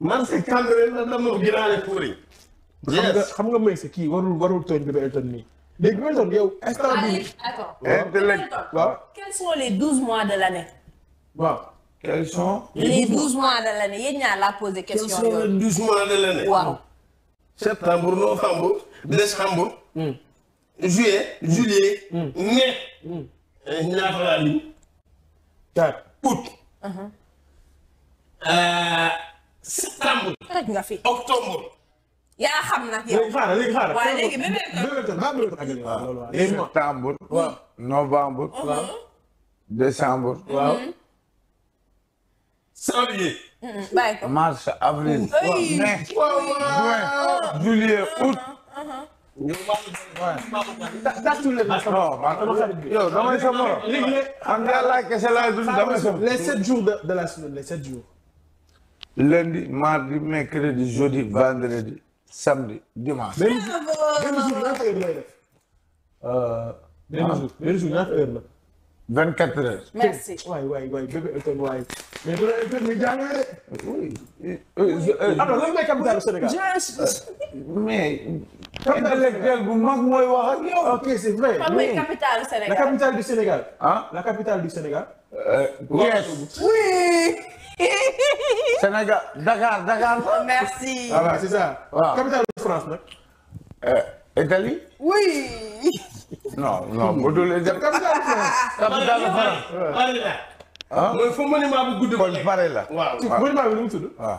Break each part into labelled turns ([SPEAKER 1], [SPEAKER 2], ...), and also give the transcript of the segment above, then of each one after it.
[SPEAKER 1] man quels sont les douze mois de l'année. sont. les douze mois de l'année n'y posé question. les douze mois de l'année. septembre novembre décembre. Hmm. juillet juillet. Hmm. mai. Hmm. Eh, avril, août. Uh-huh. Euh, décembre. tëj nga xam na. yow léegi xaaral léegi léegi
[SPEAKER 2] septembre. novembre. Uh-huh. waaw
[SPEAKER 1] uh-huh.
[SPEAKER 2] mars avril. juin juillet uh-huh, août.
[SPEAKER 1] yow damay sa moro. xam nga la kese les sept jours de la semaine les sept jours.
[SPEAKER 2] lundi mardi mercredi jeudi vendredi samedi dimanche. benn
[SPEAKER 1] jour ñaata heure lay def.
[SPEAKER 2] Euh, benn jour benn jour ñaata heure la. vingt quatre heures.
[SPEAKER 1] merci waay waay waay bébé Elton waay. mais bébé Elton mi jàng na de. oui. Euh, euh, alors lan mooy capitale Sénégal.
[SPEAKER 2] mais. intellectuel
[SPEAKER 1] bu mag mooy wax ak yow. ok c'est vrai. fan mooy capitale Sénégal. la capitale du Sénégal. ah la capitale du Sénégal. yes. oui. Sénégal Dakar merci ah, bah, c'est ça. capitale de France
[SPEAKER 2] euh, Italie. oui. non non devez capitale
[SPEAKER 1] de France. capitale de France. ah faut me monument bu la bi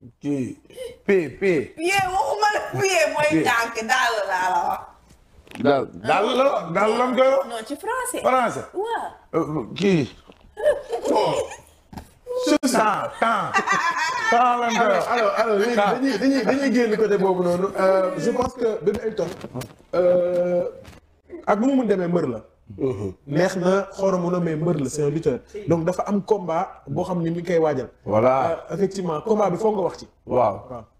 [SPEAKER 2] P P. Pied
[SPEAKER 1] waxuma la pied mooy tànk dàll laa la wax.
[SPEAKER 2] dàll dàll la la mu koy
[SPEAKER 1] wax. kii. temps temps temps la mu koy wax. alors alors dañuy dañuy dañuy génn côté boobu noonu je pense que Bébé Elton. ak nu mu demee mbër la. neex na xoromu na mais mbër la c'est un lutteur dafa am combat boo xam ni mi ngi koy waajal. voilà euh, effectivement combat bi foo nga wax ci. waaw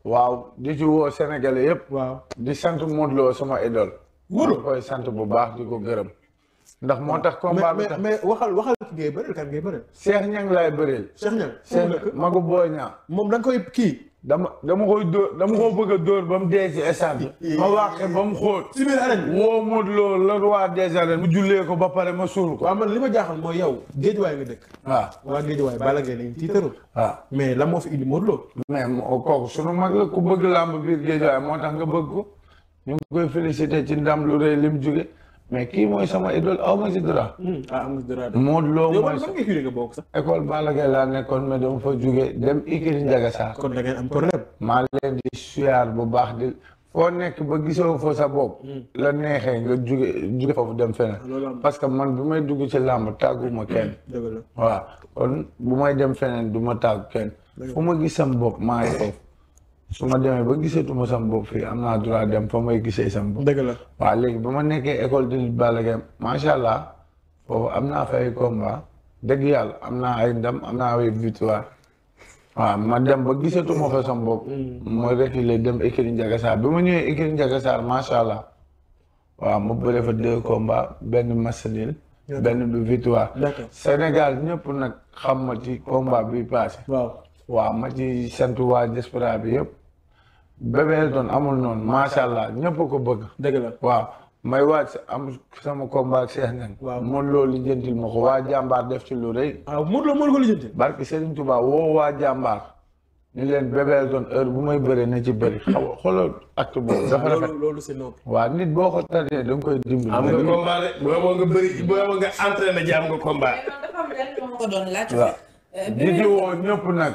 [SPEAKER 1] waaw di ci woo Sénégalais yëpp. waaw di sant Modou Lo
[SPEAKER 2] sama idole. Modou Lo koy sant bu baax di ko gërëm. ndax moo tax combat bi tax
[SPEAKER 1] mais waxal waxal ngay bëreel kan ngay bëreel.
[SPEAKER 2] Cheikh Niang laay bëreel. Cheikh Niang Cheikh Magu Boy moom da koy kii. dama dama koy dóor dama koo bëgg a dóor ba mu dee ci stade bi ma waaxe ba mu xóot si biir arène woo
[SPEAKER 1] Modou Lo la roi des mu jullee ko ba pare ma suul ko waaw man li ma jaaxal mooy yow géejuwaay nga dëkk waaw waa géejuwaay Balla Gaye lañ tiitaroo waaw mais la moo fi indi Modou
[SPEAKER 2] Lo mais kooku sunu mag la ku bëgg làmb biir géejuwaay moo tax nga bëgg ko ñu ngi koy félicité ci ndam lu rëy li mu jóge mais kii mooy sama idole aw ma si dara.
[SPEAKER 1] ah am na dara de. Modou Lo mooy sa
[SPEAKER 2] école Balla Gaye laa nekkoon mais dama fa jóge dem Ikiri Njaga Saar. kon da am problème. maa leen di suyaar bu baax di foo nekk ba gisoo foo sa bopp. Hmm. la neexee nga jóge jóge foofu dem feneen. Ah, parce que man bi may dugg ci làmb tàgguma ma kenn. Hmm, dëgg la waaw kon bu may dem feneen du ma tàggu kenn. fu ma gis sama bopp maa ngi foofu. su ma demee ba gisatuma sama bopp fii am naa droit dem fa may gisee sama bopp. dëgg la waaw léegi ba ma nekkee ecole de lutte Balla Gaye macha allah foofu am naa fa combat dëgg yàlla am naa ay ndam am naa ay victoire waaw ma dem ba gisatuma fa sama bopp. Mm. ma reculer dem écurie Ndiaga bi ma ñëwee écurie Ndiaga Sarr macha allah waaw ma bëre fa deux combats benn match nul benn bi victoire. Sénégal ñëpp nag xam ma ci combat bi passé. waaw ma ci sant waa diaspora bi yëpp. Bébé Elton amul noonu macha allah ñëpp ko bëgg. dëgg la waaw may waaj am sama combat ak Cheikh Ndeng. waaw Modou Lo lijjantil ma ko waa jàmbaar def si lu rëy. ah Modou Lo moo ko lijjantil. barki Serigne Touba woo waa jàmbaar. ñu leen Bébé Elton bu may bëree na ci bëri a xoolal acte boobu. dafa loolu loolu c'est waa nit boo ko tardé da nga koy dimbali. am nga combat de
[SPEAKER 1] boo nga euh, woo
[SPEAKER 2] ñëpp nag.